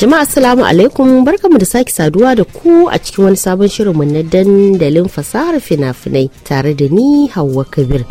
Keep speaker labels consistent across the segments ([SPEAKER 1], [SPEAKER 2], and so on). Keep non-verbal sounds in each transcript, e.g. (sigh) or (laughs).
[SPEAKER 1] Jama'a assalamu alaikum barkamu da sake saduwa da ku a cikin wani sabon shirinmu na dandalin fasahar fina-finai tare da ni Hauwa Kabir.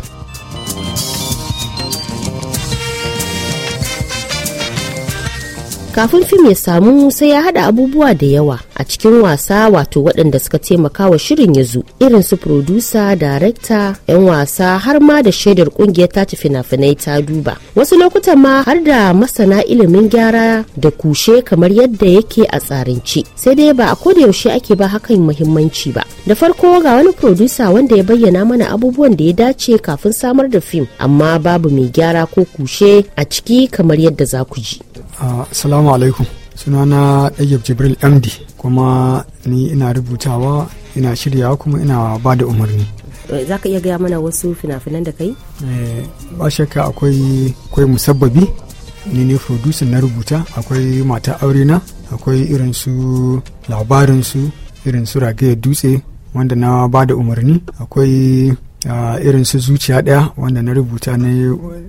[SPEAKER 1] kafin fim ya samu sai ya haɗa abubuwa da yawa a cikin wasa wato waɗanda suka taimaka wa shirin ya zo irin su producer director 'yan wasa har ma da shaidar kungiyar ta fina-finai ta duba wasu lokuta ma har da masana ilimin gyara da kushe kamar yadda yake a tsarance sai dai ba a koda yaushe ake ba hakan muhimmanci ba da farko ga wani producer wanda ya bayyana mana abubuwan da ya dace kafin samar da fim amma babu mai gyara ko kushe a ciki kamar yadda za ku ji Ah,
[SPEAKER 2] assalamu alaikum. Sunana Ɗayyab Jibril MD kuma ni ina rubutawa ina shiryawa kuma ina ba da umarni.
[SPEAKER 1] Eh, za ka iya gaya mana wasu fina-finan da kai?
[SPEAKER 2] Eh, ba shakka akwai musabbabi ni ne producer na rubuta akwai mata aurena akwai irin su labarin su irin su dutse wanda na ba da umarni akwai irin su zuciya ɗaya wanda na rubuta na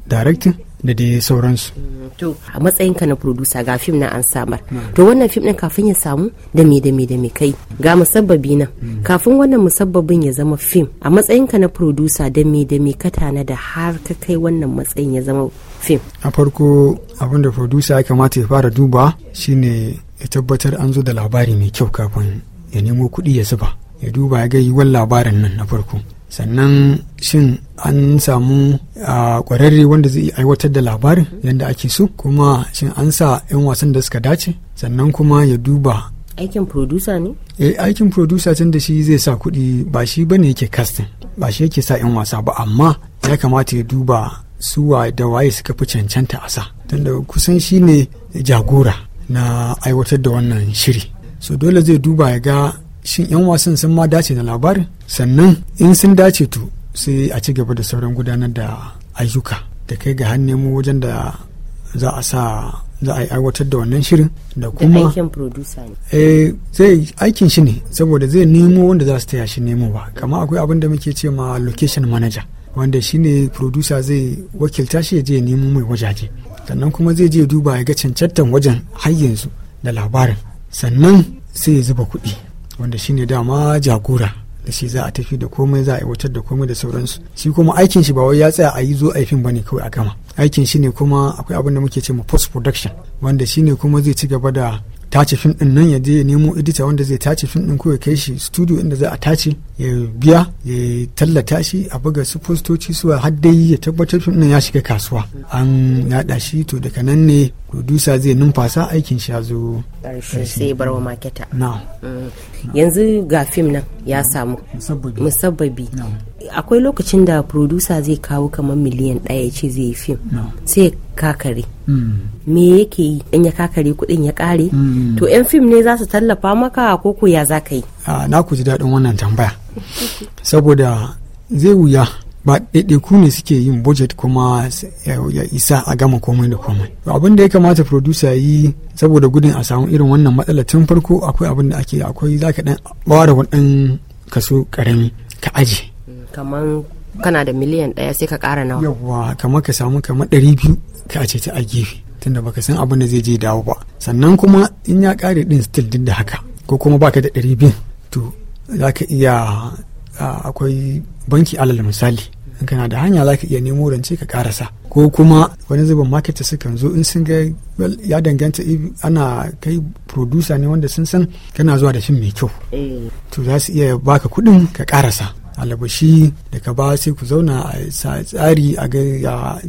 [SPEAKER 2] directing da dai sauransu.
[SPEAKER 1] To a matsayinka na producer ga fim na an samar. To wannan fim ɗin kafin ya samu da me da me da me kai ga musabbabi nan. Hmm. Kafin wannan musabbabin ya zama fim a matsayinka na producer da me da me kata na da har ka kai wannan matsayin ya zama fim.
[SPEAKER 2] A farko abin da producer ya kamata ya fara duba shine ya tabbatar an zo da labari mai kyau kafin ya nemo kuɗi ya zuba. Ya duba ya ga yiwuwar labarin nan na farko. sannan shin an samu a kwararre wanda zai aiwatar da labarin yadda ake so kuma shin an sa 'yan wasan da suka dace sannan kuma ya duba
[SPEAKER 1] aikin producer ne?
[SPEAKER 2] eh aikin producer can da shi zai sa kuɗi ba shi bane yake casting ba shi yake sa 'yan wasa ba amma ya kamata ya duba suwa da waye suka fi cancanta a sa tunda kusan shi ne jagora na aiwatar da wannan shiri so dole zai duba ya ga shin 'yan wasan sun ma dace da labarin sannan in sun dace to sai a ci gaba da sauran gudanar da ayyuka da kai ga hannun mu wajen da za a sa za a yi aiwatar da wannan shirin
[SPEAKER 1] da kuma aikin
[SPEAKER 2] eh, zai aikin shi ne saboda zai nemo wanda za su taya shi nemo ba kama akwai abin da muke ce ma location manager wanda shi ne producer zai wakilta shi ya je nemo mai wajaje sannan kuma zai je duba ya ga cancantan wajen har yanzu da labarin sannan sai ya zuba kuɗi wanda shine dama jagora da shi za a tafi da komai za a aiwatar da komai da sauransu shi kuma aikin shi ba wai ya tsaya a yi zo a yi fim bane kawai a gama aikin shi ne kuma akwai abin da muke ce ma post production wanda shi ne kuma zai ci gaba da tace fim din nan ya je ya nemo edita wanda zai tace fim din ko ya kai shi studio inda za a tace ya biya ya tallata shi a buga su postoci suwa har dai ya tabbatar fim din ya shiga kasuwa an yada shi to daga nan ne producer zai numfasa
[SPEAKER 1] aikin shi ya zo sai bar maketa mm. yanzu ga fim nan ya samu musabbabi akwai lokacin da producer zai kawo kamar miliyan ɗaya ya ce zai yi fim sai kakare me yake yi in ya kakare kuɗin ya kare. to 'yan fim ne za su tallafa maka ko ku ya za yi
[SPEAKER 2] na ku ji daɗin wannan tambaya saboda zai wuya ba ɗaiɗaiku ne suke yin budget kuma ya isa a gama komai da komai abin da ya kamata producer yi saboda gudun a samu irin wannan matsala tun farko akwai abin da ake akwai za ka ɗan bawa da kaso ƙarami ka aji
[SPEAKER 1] kamar kana da miliyan ɗaya sai ka ƙara nawa
[SPEAKER 2] yawwa kamar ka samu kamar ɗari biyu ka ce ta a gefe tunda baka san abin da zai je dawo ba sannan kuma in ya ƙare ɗin still duk da haka ko kuma baka da ɗari biyu to za ka iya akwai banki alal misali in kana da hanya za ka iya nemo rance ka karasa ko kuma wani zubin market sukan zo in sun ga ya danganta ana kai producer ne wanda sun san kana zuwa da fim mai kyau eh. to za su iya baka kuɗin ka karasa da ka ba sai ku zauna a tsari a ga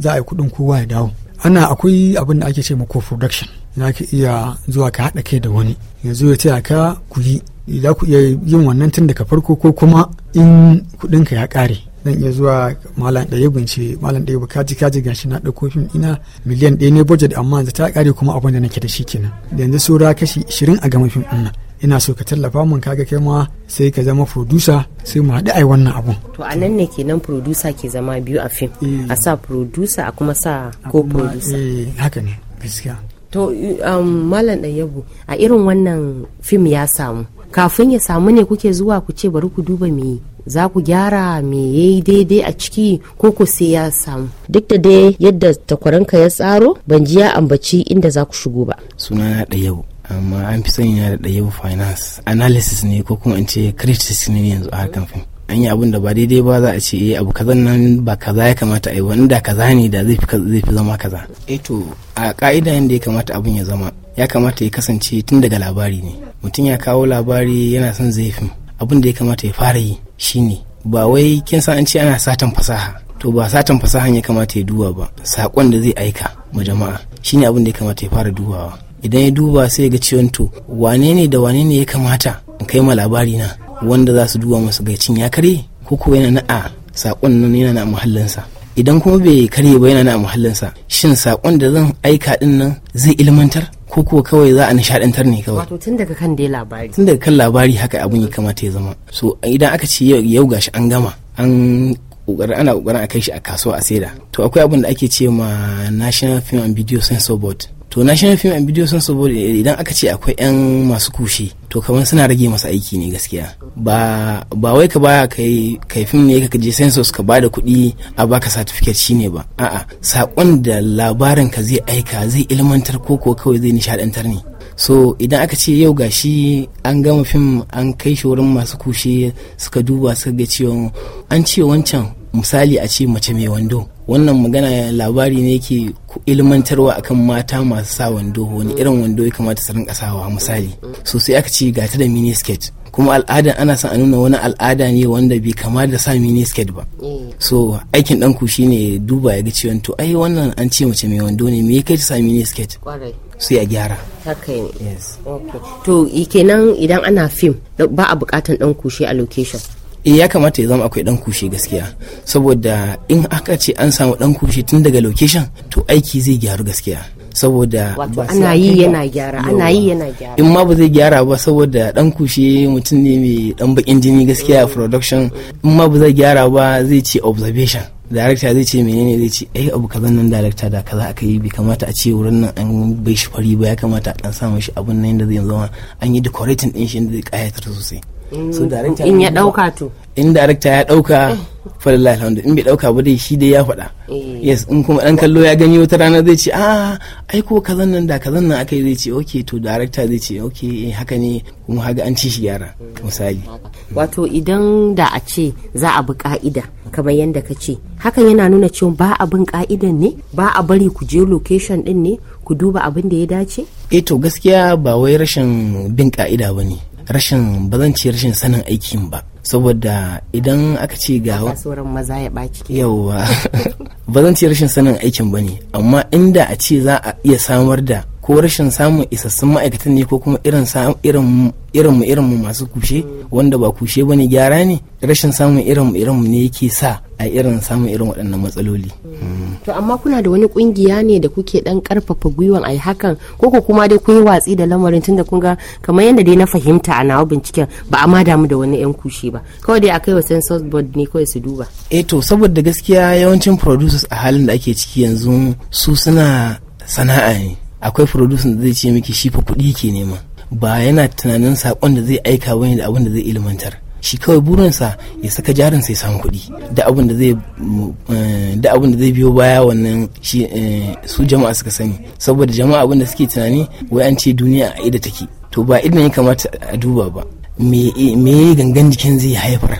[SPEAKER 2] za a yi kuɗin kowa ya dawo ana akwai abin da ake ce ma co-production za ka iya zuwa ka haɗa kai da wani yanzu ya taya ka ku yi za ku iya yin wannan tun daga farko ko kuma in ka ya ƙare zan iya zuwa malam ɗaya bince malam ɗaya kaji kaji gashi na ɗauko fim ina miliyan ɗaya ne budget amma yanzu ta ƙare kuma abin da nake da shi kenan yanzu saura kashi ishirin a gama fim ɗin nan ina so ka tallafa mun kaga kai ma sai ka zama producer sai mu haɗu ai wannan abun
[SPEAKER 1] to a nan ne kenan producer ke zama biyu a fim eh. a sa producer a kuma sa ko producer eh haka ne gaskiya to um, malam ɗayyabu a irin wannan fim ya samu kafin ya samu ne kuke zuwa ku ce bari ku duba me za ku gyara me yayi daidai a ciki ko ku sai ya samu duk da dai yadda takwaranka ya tsaro ban ji ya ambaci inda za ku shigo ba
[SPEAKER 3] sunana da yabo amma an fi sani yana da ɗaya finance analysis ne ko kuma in ce critics ne yanzu a harkan fim an yi abun da ba daidai ba za a ce eh abu kaza nan ba kaza ya kamata a yi wani da kaza ne da zai fi zama kaza e to a ka'ida yadda ya kamata abun ya zama ya kamata ya kasance tun daga labari ne mutum ya kawo labari yana son zai fim abun da ya kamata ya fara yi shi ne ba wai kin san an ce ana satan fasaha to ba satan fasahan ya kamata ya duba ba saƙon da zai aika ma jama'a shine abin da ya kamata ya fara duwawa. idan ya duba sai ga ciwon to wane ne da wane ne ya kamata in kai ma labari na wanda za su duba masu gaicin ya karye ko kuwa yana na a saƙon nan yana na muhallinsa idan kuma bai karye ba yana na muhallinsa shin saƙon da zan aika din nan zai ilmantar ko kuwa kawai za a nishaɗantar ne kawai
[SPEAKER 1] wato tun daga kan dai labari
[SPEAKER 3] tun daga kan labari haka abin ya kamata ya zama so idan aka ce yau gashi an gama an kokarin ana kokarin a kai shi a kasuwa a saida to akwai abin da ake ce ma national film and video censor board to national film and video sun saboda idan aka ce akwai yan masu kushe to kamar suna rage masa aiki ne gaskiya ba ba wai ka baya kai kai film ne ka je census ka bada kuɗi a baka certificate shine ba a'a sakon da labarin ka zai aika zai ilmantar ko ko kawai zai nishadantar ne so idan aka ce yau gashi an gama fim an kai shi wurin masu kushe suka duba suka ga cewa an ce wancan misali a ce mace mai wando wannan magana labari ne ke ku ilmantarwa akan mata masu sa wando wani irin wando ya kamata su rinka sawa misali so sai aka ce gata da mini skirt kuma al'adan ana son a nuna wani al'ada ne wanda bai kama da sa mini skirt ba eh. so aikin dan ku shine duba ya ga cewa to ai wannan an ce mace mai wando ne me kai ta sa mini skirt sai a gyara
[SPEAKER 1] haka ne
[SPEAKER 3] to kenan idan ana fim ba a bukatan dan kushe a location eh ya kamata ya zama akwai dan kushe gaskiya saboda in aka ce an samu dan kushe tun daga location to aiki zai gyaru gaskiya saboda ana yi yana
[SPEAKER 1] gyara ana yi yana gyara in
[SPEAKER 3] ma ba zai gyara ba saboda dan kushe mutum ne mai dan bakin jini gaskiya a production in ma ba zai gyara ba zai ce observation darakta zai ce menene zai ce ai abu kazan nan darakta da kaza aka yi bai kamata a ce wurin nan an bai shi fari ba ya kamata a dan sa shi abun nan da zai zama an yi decorating din shi da zai kayatar sosai so mm. in ya dauka to in director ya dauka falillahi alhamdu in bai dauka ba dai shi dai ya faɗa eh. yes in kuma dan kallo ya gani wata rana zai ce a ah, ai ko kazan nan da kazan nan akai zai ce okay to director zai ce okay eh, haka ne kuma haga an ci shi gyara mm. misali wato idan da a ce za a bi ka'ida kamar yadda ka ce hakan yana nuna cewa
[SPEAKER 1] ba bin ka'idan ne ba a bari ku je location din ne ku duba abin da ya dace
[SPEAKER 3] eh to gaskiya ba wai rashin bin ka'ida ba ne rashin ba zan ce rashin sanin aikin ba saboda idan aka ce ga sauran maza ya baki yawa (laughs) ba zan ce rashin sanin aikin ba ne amma inda a ce za a iya samar da ko rashin samun isassun ma'aikatan ne ko kuma irin irin mu irin mu masu kushe wanda ba kushe bane gyara ne rashin samun irin mu irin mu ne yake sa a irin samun irin waɗannan matsaloli mm. Mm.
[SPEAKER 1] to amma kuna da wani kungiya ne da kuke dan karfafa gwiwan ai hakan ko ko kuma dai kun yi watsi da lamarin tunda kun ga kamar yadda dai na fahimta a nawa binciken ba a ma damu da wani yan kushi ba kawai dai akai wa census board ne kawai su duba
[SPEAKER 3] eh to saboda gaskiya yawancin producers a halin da ake ciki yanzu su suna sana'a ne akwai producers da zai ce miki shi fa kuɗi ke nema ba yana tunanin sakon da zai aika wani da abin da zai ilmantar shi kawai burinsa ya saka jarinsa ya samu kuɗi da abin da zai eh, biyo baya wannan eh, su jama'a suka sani saboda jama'a abin da suke tunani wai an ce duniya a ida take to ba idan ya kamata a duba ba me ya eh, gangan jikin zai haifar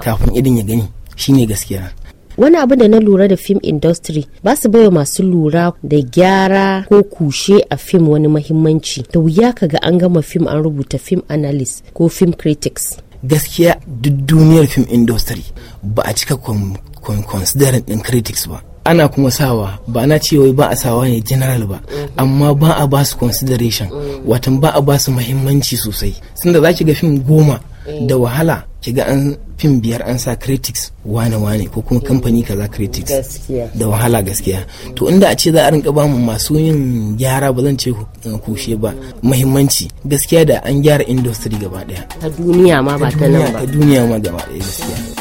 [SPEAKER 3] kafin idan ya gani shine gaskiya
[SPEAKER 1] wani abu da na lura da film industry ba su baiwa masu lura da gyara ko kushe a film wani mahimmanci da wuya ka ga an gama film an rubuta film analyst ko film critics
[SPEAKER 3] gaskiya duk duniyar film industry ba a cika considering din critics ba ana kuma sawa ba na ce wai ba a sawa ne general ba amma ba a ba su consideration watan ba a ba su mahimmanci sosai sun da za ga fim goma da wahala kiga an fim biyar an sa critics wane wane ko kuma kamfani kaza critics da wahala gaskiya to inda a ce za a rinka ba mu masu yin gyara ba zan ce kushe eh, ba muhimmanci gaskiya da an gyara industry gaba daya ta duniya ma ba ta nan ba ta duniya ma gaba daya gaskiya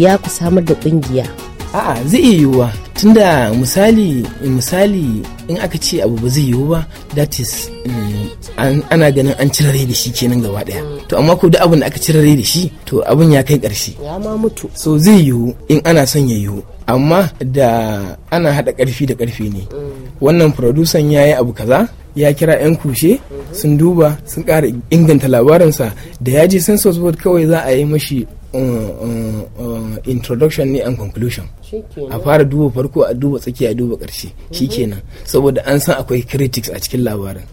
[SPEAKER 3] wuya ku samar da kungiya a'a zai iya yiwuwa tunda misali misali in aka ce abu ba zai yiwu ba that is mm, ana ganin an cire rai da shi kenan gaba daya mm. to amma ko duk abin da aka cire da shi to abin ya kai karshe ya ma mutu so zai yiwu in ana son ya yiwu amma da ana hada karfi da karfi ne mm. wannan producer ya yi abu kaza ya kira 'yan kushe mm-hmm. sun duba sun ƙara inganta labarinsa da ya je sensors board kawai za a yi mashi Eh, eh, eh, introduction ne and conclusion a fara duba farko a duba tsakiya a duba ƙarshe mhm. kenan saboda an san akwai critics a cikin labarin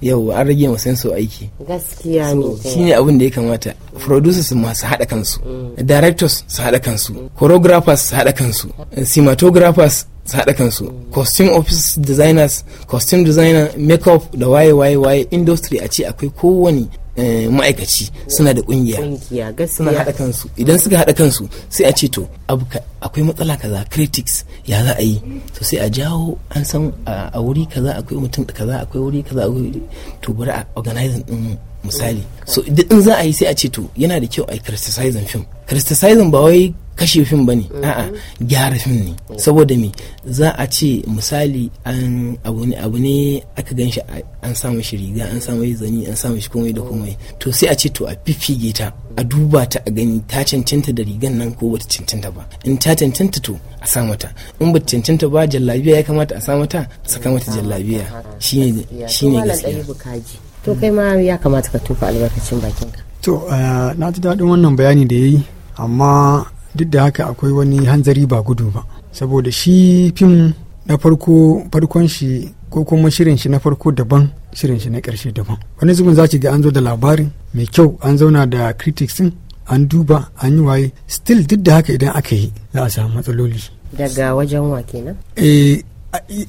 [SPEAKER 3] yau an rage ma yin aiki
[SPEAKER 1] gaskiya ne Shi ne abin
[SPEAKER 3] da ya kamata producers masu haɗa kansu mm. directors su haɗa kansu mm. choreographers su haɗa kansu cinematographers su haɗa kansu mm. costume office designers costume designer makeup da waye waye waye industry a ce akwai kowane Eh, ma'aikaci suna da kungiya
[SPEAKER 1] suna haɗa kansu
[SPEAKER 3] idan suka haɗa kansu sai a ce to akwai matsala kaza critics ya za a yi to sai a jawo an san a wuri kaza akwai mutum kaza akwai wuri kaza to bari a organizing din misali so idan za a yi sai a ce to yana da kyau a yi criticizing film criticizing ba wai kashe fim ba ne mm-hmm. a'a gyara fim ne saboda me za a ce misali an abu ne aka gan aka ganshi an samu shi riga an samu shi zani an samu shi komai da mm-hmm. komai to sai a ce to a fifige ta a duba ta a gani ta cancanta da rigan nan ko bata cancanta ba in ta cancanta to a sa mata in bata cancanta ba jallabiya ya kamata a sa mata a saka mata ah, jallabiya shine shine gaskiya to mm. kai ma ya kamata ka tufa albarkacin bakinka to
[SPEAKER 2] eh, na ji daɗin wannan bayani da yayi amma duk da haka akwai wani hanzari ba gudu ba saboda shi fim na farko farkon shi ko kuma shirin shi na farko daban shirin shi na ƙarshe daban wani zubin za ga an zo da labarin mai kyau an zauna da critics din an duba an yi waye still duk da haka idan aka yi za a samu matsaloli
[SPEAKER 1] daga wajen wa kenan
[SPEAKER 2] eh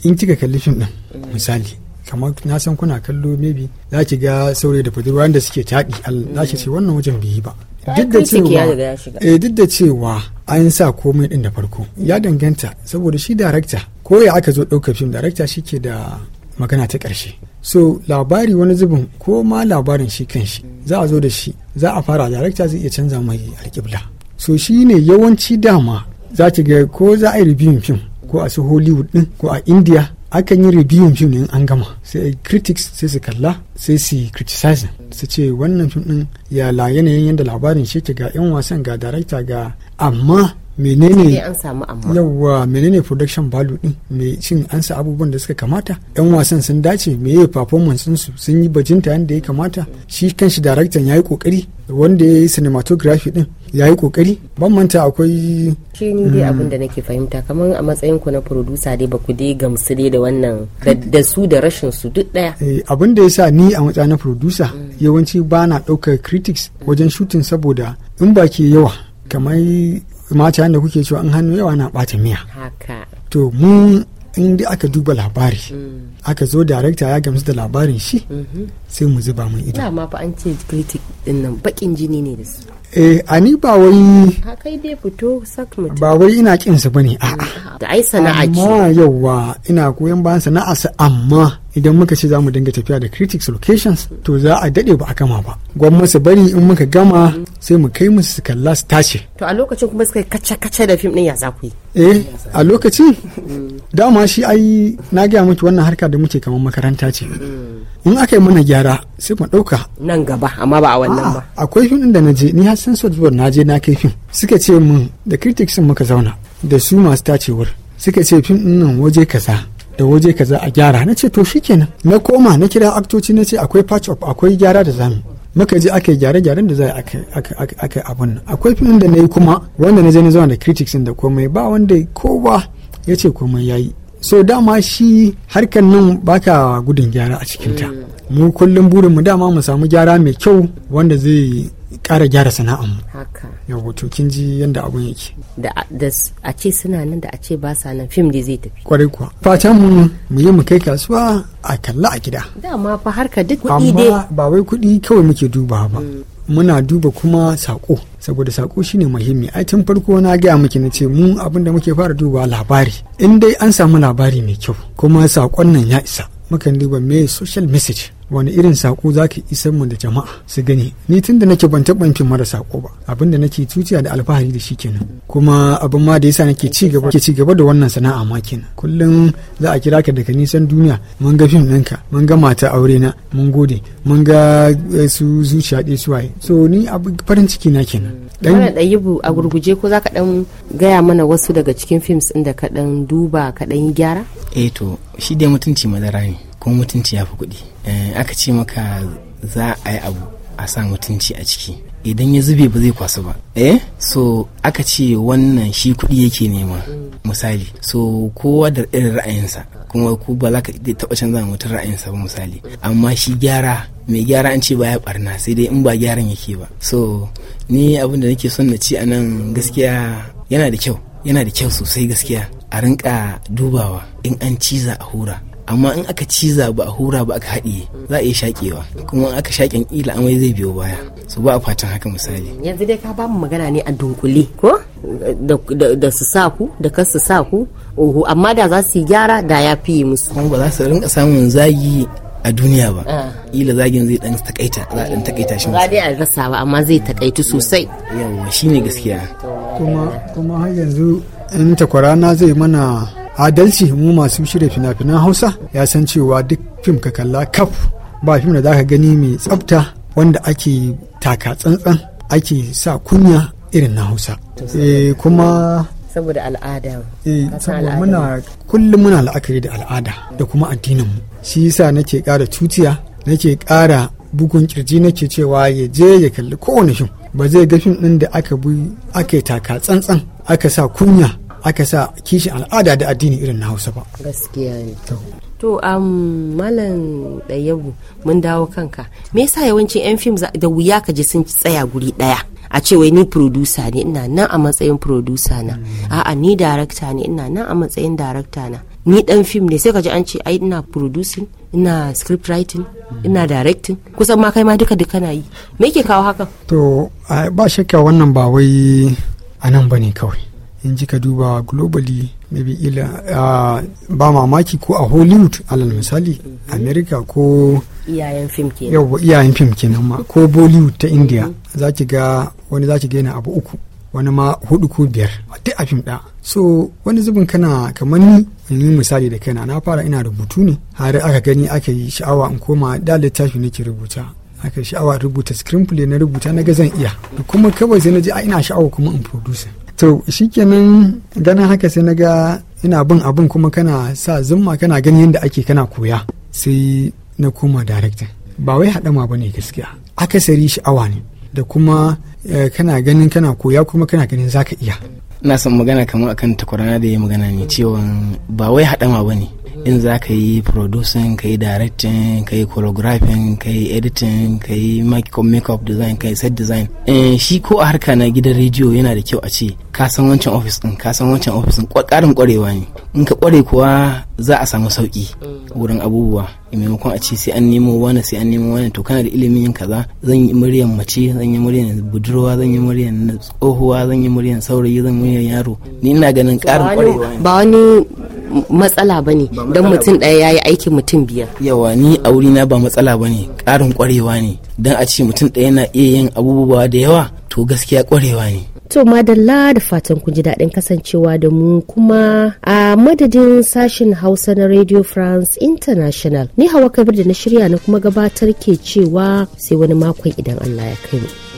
[SPEAKER 2] in kika kalli fim din mm. misali kamar na san kuna kallo maybe za ki ga saurayi da budurwa da suke taɗi za ki ce wannan wajen bai yi ba duk da cewa eh duk da cewa an sa komai din da farko ya danganta saboda shi darakta ko ya aka zo ɗauka fim darakta shi ke da magana ta ƙarshe so labari wani zubin ko ma labarin shi kanshi za a zo da shi za a fara darakta zai iya canza mai alƙibla so shi ne yawanci dama za ta ga ko za a yi biyun fim ko a su hollywood din ko a india akan yi reviewin fim din an gama sai critics sai su kalla sai su criticize su ce wannan fim ɗin ya la yanayin yadda labarin shi ga yan wasan ga director ga amma menene yawa menene production value din me shin an sa abubuwan da suka kamata yan wasan sun dace me ya performance su sun yi bajinta yadda ya kamata shi kanshi director ya yi kokari wanda ya yi cinematography ɗin. ya yi kokari ban manta akwai
[SPEAKER 1] shi ni dai abin da nake fahimta kamar a matsayin ku na producer dai ba ku dai gamsu dai da wannan da su da rashin su duk daya
[SPEAKER 2] eh, abin da yasa ni a matsayin na producer yawanci ba na ɗaukar critics wajen shutin saboda in ba ke yawa kamar mata da kuke cewa in hannu yawa na bata miya to mu in aka duba labari mm. aka zo darakta ya gamsu da labarin shi mhm. sai mu zuba mun ido
[SPEAKER 1] dama fa an ce critic din nan bakin jini ne da su
[SPEAKER 2] eh ani ba wai
[SPEAKER 1] kai dai fito sak mutum ba
[SPEAKER 2] wai ina kin su bane a'a da ai sana'a ce amma yawa ina koyon bayan sana'a amma idan muka ce za mu dinga tafiya da critics locations to za a daɗe ba a gama ba gwamma bari in muka gama sai mu kai musu su kalla su tace
[SPEAKER 1] to a lokacin kuma suka kace kace da fim ɗin ya za ku
[SPEAKER 2] eh a lokacin dama shi ai na gaya miki wannan harka da muke kamar makaranta ce in aka yi mana gyara sai mu ɗauka
[SPEAKER 1] nan gaba amma ba a wannan ba
[SPEAKER 2] akwai fim ɗin da na je ni har san na je na kai fim suka ce min da critics muka zauna da su masu tacewar suka ce fim ɗin nan waje kaza da waje kaza a gyara na ce to shikenan na koma na kira aktoci na ce akwai patch up akwai gyara da zamu muka je aka yi gyare-gyaren da za a kai abun nan akwai filin da na yi kuma wanda na je na zauna da critics da komai ba wanda kowa ya ce komai yayi. yi so dama shi harkar nan baka gudun gyara a cikinta mm. mu kullum burinmu dama mu samu gyara mai kyau wanda zai Kara gyara sana'anmu haka yawo to kin ji yanda abun yake
[SPEAKER 1] da a ce suna nan da a ce ba sa nan fim da zai tafi
[SPEAKER 2] kwarai kuwa fatan mu mu yi mu kai kasuwa a kalla a gida
[SPEAKER 1] dama fa harka duk kuɗi dai
[SPEAKER 2] ba wai kuɗi kawai muke duba ba mm. muna duba kuma sako saboda sako shine muhimmi ai tun farko na gaya miki na ce mu abinda muke fara duba labari in dai an samu labari mai kyau kuma sakon nan ya isa mukan duba me social message wani irin sako zaki isar mu da jama'a su gani ni tun da nake ban taɓa mara sako ba abin da nake tuciya da alfahari da shi kenan kuma abin ma da yasa nake ci gaba ke ci gaba da wannan sana'a ma kenan kullum za a kira ka daga nisan duniya mun ga fim ɗinka mun ga mata aure na mun gode mun ga eh, su zuciya ɗaya su waye so ni farin ciki na kenan
[SPEAKER 3] dan
[SPEAKER 1] ɗayibu a gurguje ko za ka ɗan gaya mana wasu daga cikin fim ɗin da ka dan duba ka dan gyara
[SPEAKER 3] eh to shi dai mutunci madara ne ko mutunci ya fi kuɗi eh, aka ce maka za a yi abu a sa mutunci a ciki idan ya zube ba zai kwasu ba eh so aka ce wannan shi kuɗi yake nema misali so kowa da irin ra'ayinsa kuma ku ba za ka taɓa canza mutum ra'ayinsa ba misali amma shi gyara mai gyara an ce baya barna sai dai in ba gyaran yake ba so ni abin da nake son na ci anan nan gaskiya yana da kyau yana da kyau sosai gaskiya a rinka dubawa in an ciza a hura amma in aka ciza ba a hura ba aka haɗiye za a iya shaƙewa kuma aka shaƙen ƙila amai zai biyo baya su ba a fatan haka misali
[SPEAKER 1] yanzu dai ka ba mu magana ne a dunkule ko da su sa ku da ka su
[SPEAKER 3] sa ku oho amma da za su yi gyara da ya yi musu kuma ba za su rinka samun zagi a duniya ba ah. ila zagin zai dan takaita za dan takaita shi ba
[SPEAKER 1] dai a rasa ba amma zai
[SPEAKER 3] takaitu sosai yawa shine gaskiya
[SPEAKER 1] kuma kuma har yanzu in
[SPEAKER 2] na zai mana adalci mu masu shirya fina-finan hausa ya san cewa duk fim ka kalla kaf ba fim da za ka gani mai tsafta wanda ake taka tsantsan ake sa kunya irin na hausa eh, kuma
[SPEAKER 1] saboda al'ada eh, saboda muna
[SPEAKER 2] kullum muna la'akari da al'ada da kuma addinin mu shi yasa nake kara tutiya nake kara bugun kirji nake cewa ya je ya kalli kowane fim ba zai ga fim ɗin da aka bi taka tsantsan aka sa kunya aka sa kishin al'ada da addini irin na hausa ba
[SPEAKER 1] gaskiya ne to um, malam ɗayabu mun dawo kanka me yasa yawancin 'yan fim da wuya ka ji sun tsaya guri ɗaya a ce wai ni producer ne ina nan a matsayin producer na mm. a'a ni director ne ina nan a matsayin director na ni dan fim ne sai ka ji an ce ai ina producing ina script writing mm. ina directing kusan ma kai ma duka duka na yi me yake kawo hakan to
[SPEAKER 2] ba shakka wannan ba wai a nan bane kawai in ji ka duba globally maybe ila uh, ba mamaki ko a hollywood alal misali mm america ko iyayen fim kenan ma ko bollywood ta india mm -hmm. za ki ga wani za ki ga abu uku wani ma hudu ko biyar duk a fim ɗaya so wani zubin kana kamar ni yi misali da kana na fara ina rubutu ne har aka gani aka yi sha'awa in koma da littafi nake rubuta aka sha'awa rubuta screenplay na rubuta na ga zan iya kuma kawai sai na ji ina sha'awa kuma in producer to shi kenan ganin haka sai na ga ina bin abin kuma kana sa zumma kana gani yadda ake kana koya sai na koma director ba wai haɗama ba ne gaskiya akasari sha'awa ne da kuma eh, kana ganin kana koya kuma kana ganin zaka iya
[SPEAKER 3] na son magana kamar akan takwarana da ya magana ne cewa ba wai haɗama ba ne in za ka yi producing ka yi directing ka yi choreographing ka yi editing ka yi makeup design ka yi set design eh, shi ko a harka na gidan rediyo yana da kyau a ce ka san wancan office din ka san wancan office din ƙarin kwarewa ne in ka kware kuwa za a samu sauki mm. wurin abubuwa maimakon a ce sai an nemo wani sai an nemo wani to kana da ilimin kaza zan yi muryan mace zan yi muryan budurwa zan yi muryan tsohuwa zan yi muryan saurayi zan yi muryan yaro ni ina ganin karin kwarewa ba
[SPEAKER 1] wani matsala ba ne don mutum
[SPEAKER 3] ɗaya ya yi aikin mutum biyar yawa ni a wuri na ba matsala ba ne ƙarin ƙwarewa ne don a ce mutum ɗaya na iya yin abubuwa da yawa to gaskiya ƙwarewa ne
[SPEAKER 1] To madalla da fatan kun ji daɗin kasancewa da mu kuma a madadin sashen Hausa na Radio France International. Ni hawa kabir da na shirya na kuma gabatar ke cewa sai wani makon idan Allah ya kai mu.